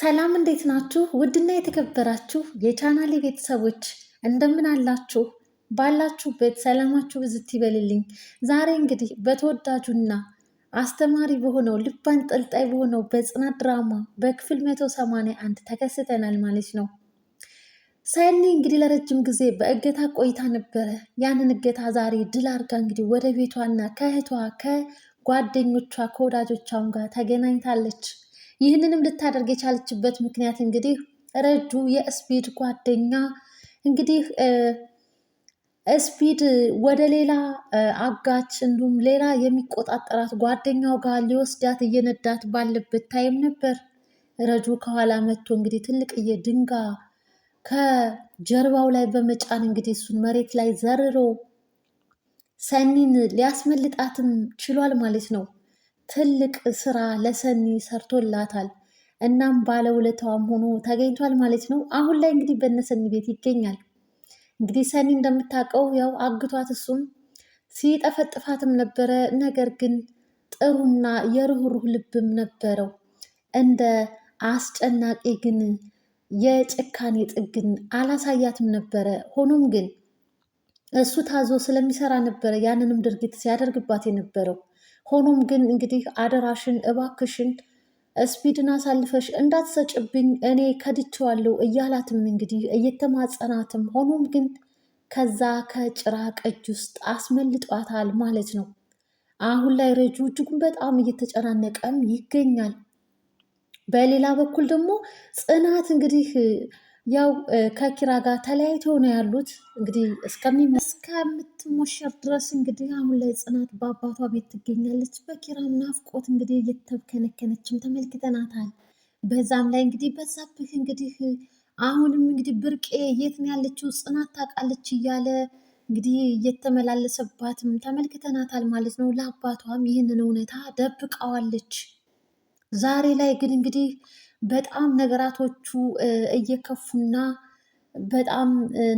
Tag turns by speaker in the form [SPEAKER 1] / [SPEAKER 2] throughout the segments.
[SPEAKER 1] ሰላም እንዴት ናችሁ? ውድና የተከበራችሁ የቻናሌ ቤተሰቦች እንደምን አላችሁ? ባላችሁበት ሰላማችሁ ብዝት ይበልልኝ። ዛሬ እንግዲህ በተወዳጁና አስተማሪ በሆነው ልብ አንጠልጣይ በሆነው በጽናት ድራማ በክፍል መቶ ሰማንያ አንድ ተከስተናል ማለት ነው። ሰኒ እንግዲህ ለረጅም ጊዜ በእገታ ቆይታ ነበረ። ያንን እገታ ዛሬ ድል አድርጋ እንግዲህ ወደ ቤቷና ከእህቷ ከጓደኞቿ ከወዳጆቿም ጋር ተገናኝታለች። ይህንንም ልታደርግ የቻለችበት ምክንያት እንግዲህ ረጁ የስፒድ ጓደኛ እንግዲህ ስፒድ ወደ ሌላ አጋች እንዲሁም ሌላ የሚቆጣጠራት ጓደኛው ጋር ሊወስዳት እየነዳት ባለበት ታይም ነበር ረጁ ከኋላ መጥቶ እንግዲህ ትልቅዬ ድንጋይ ከጀርባው ላይ በመጫን እንግዲህ እሱን መሬት ላይ ዘርሮ ሰኒን ሊያስመልጣትም ችሏል ማለት ነው። ትልቅ ስራ ለሰኒ ሰርቶላታል። እናም ባለውለታዋም ሆኖ ተገኝቷል ማለት ነው። አሁን ላይ እንግዲህ በነሰኒ ቤት ይገኛል። እንግዲህ ሰኒ እንደምታውቀው ያው አግቷት እሱም ሲጠፈጥፋትም ነበረ። ነገር ግን ጥሩና የርኅሩህ ልብም ነበረው። እንደ አስጨናቂ ግን የጭካኔ ጥግን አላሳያትም ነበረ። ሆኖም ግን እሱ ታዞ ስለሚሰራ ነበረ ያንንም ድርጊት ሲያደርግባት የነበረው። ሆኖም ግን እንግዲህ አደራሽን እባክሽን ስፒድን አሳልፈሽ እንዳትሰጭብኝ እኔ ከድቼዋለሁ እያላትም እንግዲህ እየተማጸናትም ሆኖም ግን ከዛ ከጭራቅ እጅ ውስጥ አስመልጧታል ማለት ነው። አሁን ላይ ረጁ እጅጉን በጣም እየተጨናነቀም ይገኛል። በሌላ በኩል ደግሞ ጽናት እንግዲህ ያው ከኪራ ጋር ተለያይተው ነው ያሉት። እንግዲህ እስከምትሞሸር ድረስ እንግዲህ አሁን ላይ ጽናት በአባቷ ቤት ትገኛለች። በኪራ ናፍቆት እንግዲህ እየተብከነከነችም ተመልክተናታል። በዛም ላይ እንግዲህ በዛብህ እንግዲህ አሁንም እንግዲህ ብርቄ የት ነው ያለችው ጽናት ታውቃለች እያለ እንግዲህ እየተመላለሰባትም ተመልክተናታል ማለት ነው። ለአባቷም ይህንን እውነታ ደብቀዋለች። ዛሬ ላይ ግን እንግዲህ በጣም ነገራቶቹ እየከፉና በጣም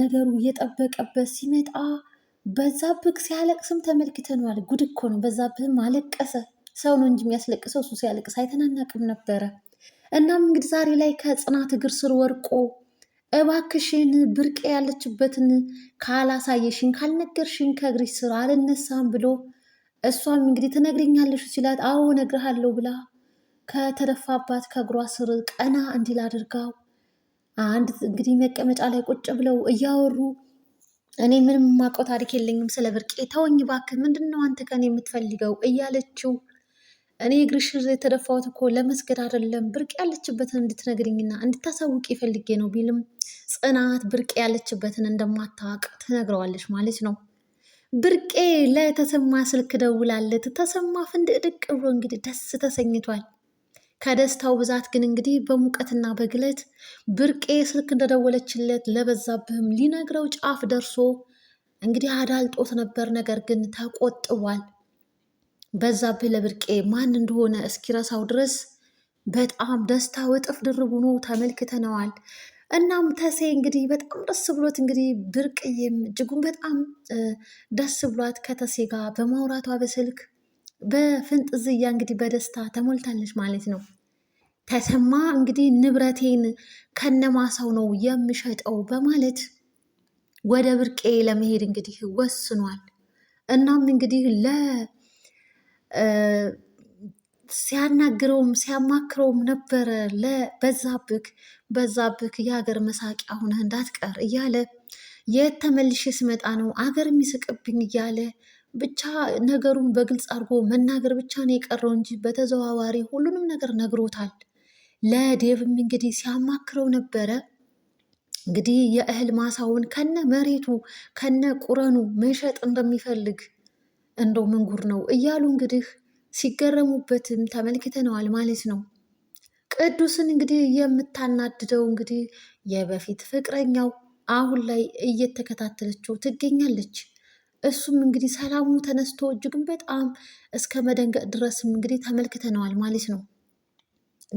[SPEAKER 1] ነገሩ እየጠበቀበት ሲመጣ በዛብህ ሲያለቅስም ተመልክተነዋል። ጉድ እኮ ነው። በዛብህም አለቀሰ። ሰው ነው እንጂ የሚያስለቅሰው እሱ ሲያለቅስ አይተናናቅም ነበረ። እናም እንግዲህ ዛሬ ላይ ከጽናት እግር ስር ወርቆ እባክሽን ብርቄ ያለችበትን ካላሳየሽን ካልነገርሽን ከእግርሽ ስር አልነሳም ብሎ እሷም እንግዲህ ትነግሪኛለሽ ሲላት አዎ እነግርሃለሁ ብላ ከተደፋባት ከእግሯ ስር ቀና እንዲል አድርጋው አንድ እንግዲህ መቀመጫ ላይ ቁጭ ብለው እያወሩ እኔ ምንም የማውቀው ታሪክ የለኝም ስለ ብርቄ ተወኝ እባክህ፣ ምንድን ነው አንተ ከኔ የምትፈልገው እያለችው እኔ እግርሽ የተደፋሁት እኮ ለመስገድ አይደለም ብርቅ ያለችበትን እንድትነግርኝና እንድታሳውቅ ይፈልጌ ነው ቢልም ጽናት ብርቅ ያለችበትን እንደማታውቅ ትነግረዋለች ማለት ነው። ብርቄ ለተሰማ ስልክ ደውላለት ተሰማ እድቅ ብሎ እንግዲህ ደስ ተሰኝቷል። ከደስታው ብዛት ግን እንግዲህ በሙቀትና በግለት ብርቄ ስልክ እንደደወለችለት ለበዛብህም ሊነግረው ጫፍ ደርሶ እንግዲህ አዳልጦት ነበር። ነገር ግን ተቆጥቧል። በዛብህ ለብርቄ ማን እንደሆነ እስኪረሳው ድረስ በጣም ደስታ እጥፍ ድርብ ሆኖ ተመልክተነዋል። እናም ተሴ እንግዲህ በጣም ደስ ብሎት እንግዲህ ብርቅዬም እጅጉን በጣም ደስ ብሏት ከተሴ ጋር በማውራቷ በስልክ በፍንጥዝያ እንግዲህ በደስታ ተሞልታለች ማለት ነው። ተሰማ እንግዲህ ንብረቴን ከነማሳው ነው የምሸጠው በማለት ወደ ብርቄ ለመሄድ እንግዲህ ወስኗል። እናም እንግዲህ ለ ሲያናግረውም ሲያማክረውም ነበረ ለበዛብህ በዛብክ የሀገር መሳቂያ ሆነህ እንዳትቀር እያለ የት ተመልሼ ስመጣ ነው አገር የሚስቅብኝ እያለ ብቻ ነገሩን በግልጽ አድርጎ መናገር ብቻ ነው የቀረው እንጂ በተዘዋዋሪ ሁሉንም ነገር ነግሮታል። ለዴቭም እንግዲህ ሲያማክረው ነበረ። እንግዲህ የእህል ማሳውን ከነ መሬቱ ከነ ቁረኑ መሸጥ እንደሚፈልግ እንደው ምንጉር ነው እያሉ እንግዲህ ሲገረሙበትም ተመልክተነዋል ማለት ነው። ቅዱስን እንግዲህ የምታናድደው እንግዲህ የበፊት ፍቅረኛው አሁን ላይ እየተከታተለችው ትገኛለች። እሱም እንግዲህ ሰላሙ ተነስቶ እጅግም በጣም እስከ መደንገጥ ድረስም እንግዲህ ተመልክተነዋል ማለት ነው።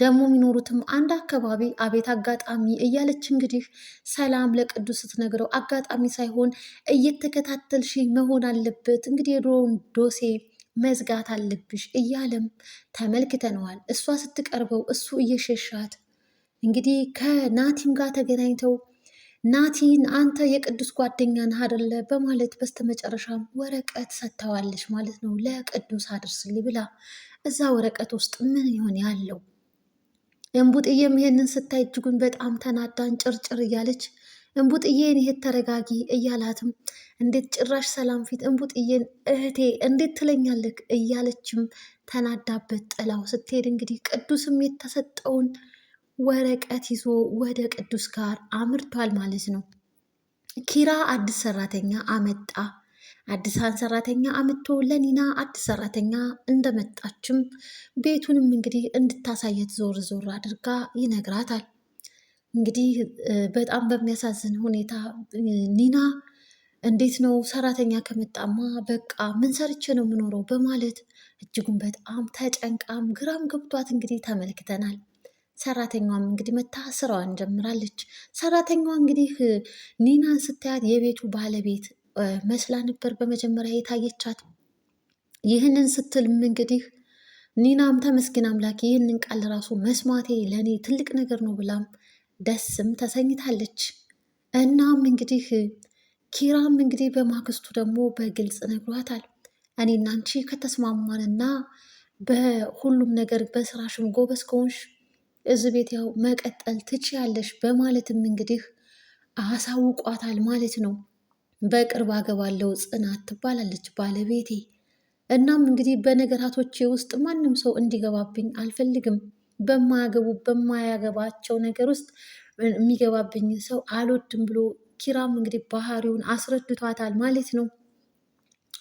[SPEAKER 1] ደግሞ የሚኖሩትም አንድ አካባቢ አቤት አጋጣሚ እያለች እንግዲህ ሰላም ለቅዱስ ስትነግረው አጋጣሚ ሳይሆን እየተከታተልሽ መሆን አለበት እንግዲህ የድሮውን ዶሴ መዝጋት አለብሽ እያለም ተመልክተነዋል። እሷ ስትቀርበው እሱ እየሸሻት እንግዲህ ከናቲም ጋር ተገናኝተው ናቲን አንተ የቅዱስ ጓደኛ ነህ በማለት በስተመጨረሻም ወረቀት ሰጥተዋለች ማለት ነው። ለቅዱስ አድርስልኝ ብላ እዛ ወረቀት ውስጥ ምን ይሆን ያለው? እንቡጥዬም ይሄንን ስታይ እጅጉን በጣም ተናዳን ጭርጭር እያለች እንቡጥዬን ይሄት ተረጋጊ እያላትም እንዴት ጭራሽ ሰላም ፊት እንቡጥዬን እህቴ እንዴት ትለኛለክ እያለችም ተናዳበት ጥላው ስትሄድ እንግዲህ ቅዱስም የተሰጠውን ወረቀት ይዞ ወደ ቅዱስ ጋር አምርቷል ማለት ነው። ኪራ አዲስ ሰራተኛ አመጣ። አዲሷን ሰራተኛ አምጥቶ ለኒና አዲስ ሰራተኛ እንደመጣችም ቤቱንም እንግዲህ እንድታሳየት ዞር ዞር አድርጋ ይነግራታል። እንግዲህ በጣም በሚያሳዝን ሁኔታ ኒና እንዴት ነው ሰራተኛ ከመጣማ በቃ ምን ሰርቼ ነው የምኖረው በማለት እጅጉን በጣም ተጨንቃም ግራም ገብቷት እንግዲህ ተመልክተናል። ሰራተኛዋም እንግዲህ መታ ስራዋን ጀምራለች። ሰራተኛዋ እንግዲህ ኒናን ስታያት የቤቱ ባለቤት መስላ ነበር በመጀመሪያ የታየቻት። ይህንን ስትልም እንግዲህ ኒናም ተመስገን አምላክ ይህንን ቃል ራሱ መስማቴ ለእኔ ትልቅ ነገር ነው ብላም ደስም ተሰኝታለች። እናም እንግዲህ ኪራም እንግዲህ በማግስቱ ደግሞ በግልጽ ነግሯታል። እኔ እናንቺ ከተስማማንና በሁሉም ነገር በስራሽም ጎበዝ ከሆንሽ እዚ ቤት ያው መቀጠል ትችያለሽ በማለትም እንግዲህ አሳውቋታል ማለት ነው። በቅርብ አገባለው ጽናት ትባላለች ባለቤቴ። እናም እንግዲህ በነገራቶቼ ውስጥ ማንም ሰው እንዲገባብኝ አልፈልግም። በማያገቡ በማያገባቸው ነገር ውስጥ የሚገባብኝ ሰው አልወድም ብሎ ኪራም እንግዲህ ባህሪውን አስረድቷታል ማለት ነው።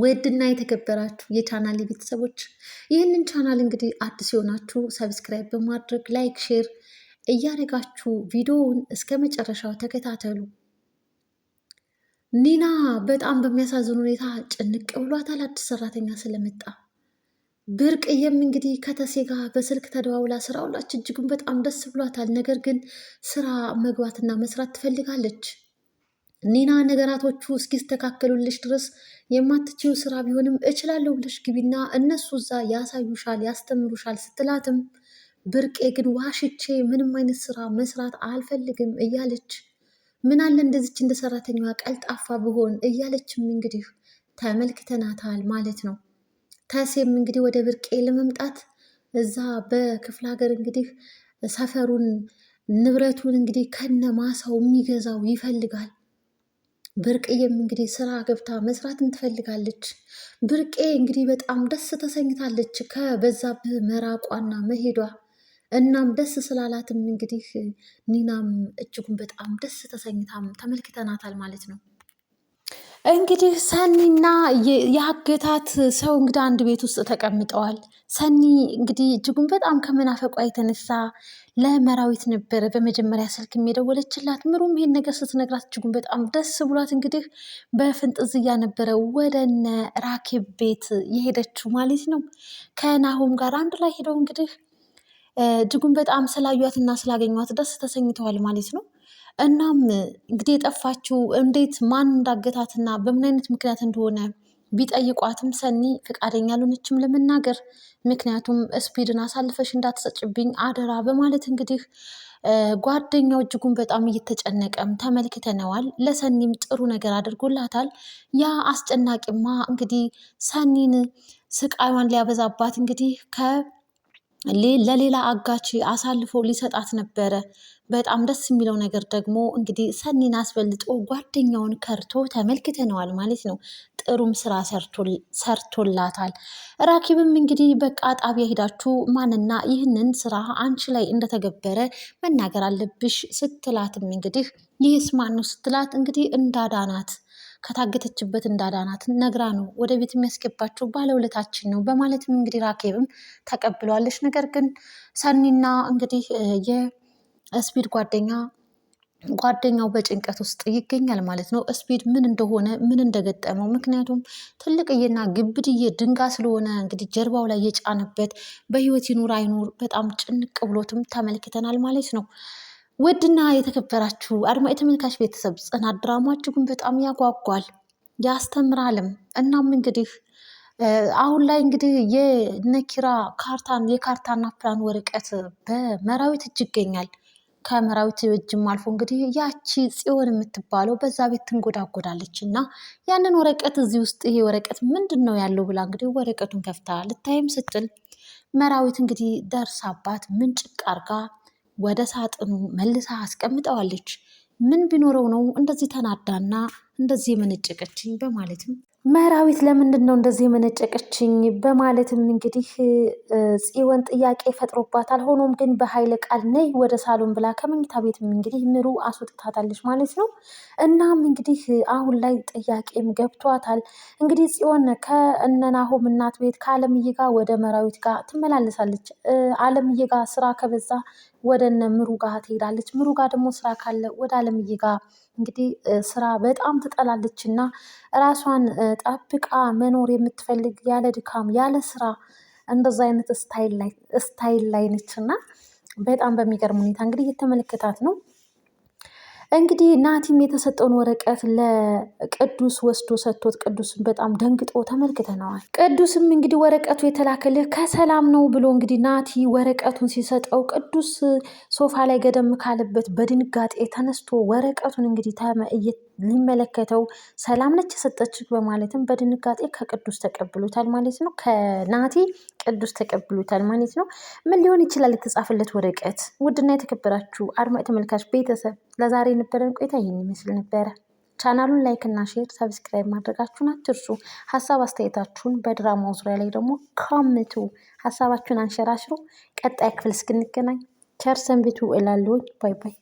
[SPEAKER 1] ውድና የተከበራችሁ የቻናል ቤተሰቦች ይህንን ቻናል እንግዲህ አዲስ የሆናችሁ ሰብስክራይብ በማድረግ ላይክ፣ ሼር እያደረጋችሁ ቪዲዮውን እስከ መጨረሻው ተከታተሉ። ኒና በጣም በሚያሳዝን ሁኔታ ጭንቅ ብሏታል፣ አዲስ ሰራተኛ ስለመጣ። ብርቅዬም እንግዲህ ከተሴ ጋር በስልክ ተደዋውላ ስራ ውላች እጅጉን በጣም ደስ ብሏታል። ነገር ግን ስራ መግባትና መስራት ትፈልጋለች። ኒና ነገራቶቹ እስኪስተካከሉልሽ ድረስ የማትችው ስራ ቢሆንም እችላለሁ ብለሽ ግቢና እነሱ እዛ ያሳዩሻል፣ ያስተምሩሻል ስትላትም ብርቄ ግን ዋሽቼ ምንም አይነት ስራ መስራት አልፈልግም እያለች ምን አለ እንደዚች እንደ ሰራተኛዋ ቀልጣፋ ብሆን እያለችም እንግዲህ ተመልክተናታል ማለት ነው። ተሴም እንግዲህ ወደ ብርቄ ለመምጣት እዛ በክፍለ ሀገር እንግዲህ ሰፈሩን ንብረቱን እንግዲህ ከነ ማሳው የሚገዛው ይፈልጋል። ብርቅዬም እንግዲህ ስራ ገብታ መስራትን ትፈልጋለች። ብርቄ እንግዲህ በጣም ደስ ተሰኝታለች ከበዛብህ መራቋና መሄዷ። እናም ደስ ስላላትም እንግዲህ ኒናም እጅጉን በጣም ደስ ተሰኝታም ተመልክተናታል ማለት ነው። እንግዲህ ሰኒና የአገታት ሰው እንግዲህ አንድ ቤት ውስጥ ተቀምጠዋል። ሰኒ እንግዲህ እጅጉን በጣም ከመናፈቋ የተነሳ ለመራዊት ነበረ በመጀመሪያ ስልክ የደወለችላት። ምሩም ይሄን ነገር ስትነግራት እጅጉን በጣም ደስ ብሏት እንግዲህ በፍንጥዝያ ነበረ ወደነ ራኬብ ቤት የሄደችው ማለት ነው። ከናሆም ጋር አንድ ላይ ሄደው እንግዲህ እጅጉን በጣም ስላዩትና ስላገኟት ደስ ተሰኝተዋል ማለት ነው። እናም እንግዲህ የጠፋችው እንዴት ማን እንዳገታትና በምን አይነት ምክንያት እንደሆነ ቢጠይቋትም ሰኒ ፈቃደኛ አልሆነችም ለመናገር። ምክንያቱም ስፒድን አሳልፈሽ እንዳትሰጭብኝ አደራ በማለት እንግዲህ ጓደኛው እጅጉን በጣም እየተጨነቀም ተመልክተነዋል። ለሰኒም ጥሩ ነገር አድርጎላታል። ያ አስጨናቂማ እንግዲህ ሰኒን ስቃዩን ሊያበዛባት እንግዲህ ከ ለሌላ አጋች አሳልፎ ሊሰጣት ነበረ። በጣም ደስ የሚለው ነገር ደግሞ እንግዲህ ሰኒን አስበልጦ ጓደኛውን ከርቶ ተመልክተነዋል ማለት ነው። ጥሩም ስራ ሰርቶላታል። ራኪብም እንግዲህ በቃ ጣቢያ ሄዳችሁ ማንና ይህንን ስራ አንቺ ላይ እንደተገበረ መናገር አለብሽ ስትላትም እንግዲህ ይህስ ማን ነው ስትላት እንግዲህ እንዳዳናት ከታገተችበት እንዳዳናት ነግራ ነው ወደ ቤት የሚያስገባችው ባለውለታችን ነው በማለትም እንግዲህ ራኬብም ተቀብለዋለች። ነገር ግን ሰኒና እንግዲህ የስፒድ ጓደኛ ጓደኛው በጭንቀት ውስጥ ይገኛል ማለት ነው። ስፒድ ምን እንደሆነ ምን እንደገጠመው ምክንያቱም ትልቅዬና ግብድዬ ድንጋይ ስለሆነ እንግዲህ ጀርባው ላይ የጫነበት በህይወት ይኑር አይኑር በጣም ጭንቅ ብሎትም ተመልክተናል ማለት ነው። ውድና የተከበራችሁ አድማ የተመልካች ቤተሰብ ጽናት ድራማችሁ እጅጉን በጣም ያጓጓል ያስተምራልም። እናም እንግዲህ አሁን ላይ እንግዲህ የነኪራ ካርታን የካርታና ፕላን ወረቀት በመራዊት እጅ ይገኛል። ከመራዊት እጅም አልፎ እንግዲህ ያቺ ጽዮን የምትባለው በዛ ቤት ትንጎዳጎዳለች እና ያንን ወረቀት እዚህ ውስጥ ይሄ ወረቀት ምንድን ነው ያለው ብላ እንግዲህ ወረቀቱን ከፍታ ልታይም ስትል መራዊት እንግዲህ ደርሳባት ምንጭቅ አርጋ ወደ ሳጥኑ መልሳ አስቀምጠዋለች። ምን ቢኖረው ነው እንደዚህ ተናዳና እንደዚህ የመነጨቀችኝ? በማለትም መራዊት ለምንድን ነው እንደዚህ የመነጨቀችኝ? በማለትም እንግዲህ ጽዮን ጥያቄ ፈጥሮባታል። ሆኖም ግን በኃይለ ቃል ነይ ወደ ሳሎን ብላ ከመኝታ ቤትም እንግዲህ ምሩ አስወጥታታለች ማለት ነው። እናም እንግዲህ አሁን ላይ ጥያቄም ገብቷታል። እንግዲህ ጽዮን ከእነናሆም እናት ቤት ከአለምዬ ጋር ወደ መራዊት ጋር ትመላለሳለች። አለምዬ ጋር ስራ ከበዛ ወደ እነ ምሩ ጋር ትሄዳለች። ምሩ ጋር ደግሞ ስራ ካለ ወደ አለምዬ ጋር እንግዲህ ስራ በጣም ትጠላለች እና ራሷን ጠብቃ መኖር የምትፈልግ ያለ ድካም ያለ ስራ እንደዛ አይነት ስታይል ላይ ነች እና በጣም በሚገርም ሁኔታ እንግዲህ እየተመለከታት ነው። እንግዲህ ናቲም የተሰጠውን ወረቀት ለቅዱስ ወስዶ ሰጥቶት ቅዱስን በጣም ደንግጦ ተመልክተነዋል። ቅዱስም እንግዲህ ወረቀቱ የተላከልህ ከሰላም ነው ብሎ እንግዲህ ናቲ ወረቀቱን ሲሰጠው ቅዱስ ሶፋ ላይ ገደም ካለበት በድንጋጤ ተነስቶ ወረቀቱን እንግዲህ ሊመለከተው ሰላም ነች የሰጠችህ በማለትም በድንጋጤ ከቅዱስ ተቀብሎታል ማለት ነው። ከናቲ ቅዱስ ተቀብሎታል ማለት ነው። ምን ሊሆን ይችላል የተጻፈለት ወረቀት? ውድና የተከበራችሁ አድማጭ ተመልካች ቤተሰብ ለዛሬ የነበረን ቆይታ ይህን ይመስል ነበረ። ቻናሉን ላይክ እና ሼር ሰብስክራይብ ማድረጋችሁን አትርሱ። ሀሳብ አስተያየታችሁን በድራማው ዙሪያ ላይ ደግሞ ከምቱ ሀሳባችሁን አንሸራሽሩ። ቀጣይ ክፍል እስክንገናኝ ቸር ሰንብቱ እላለሁኝ። ባይ ባይ።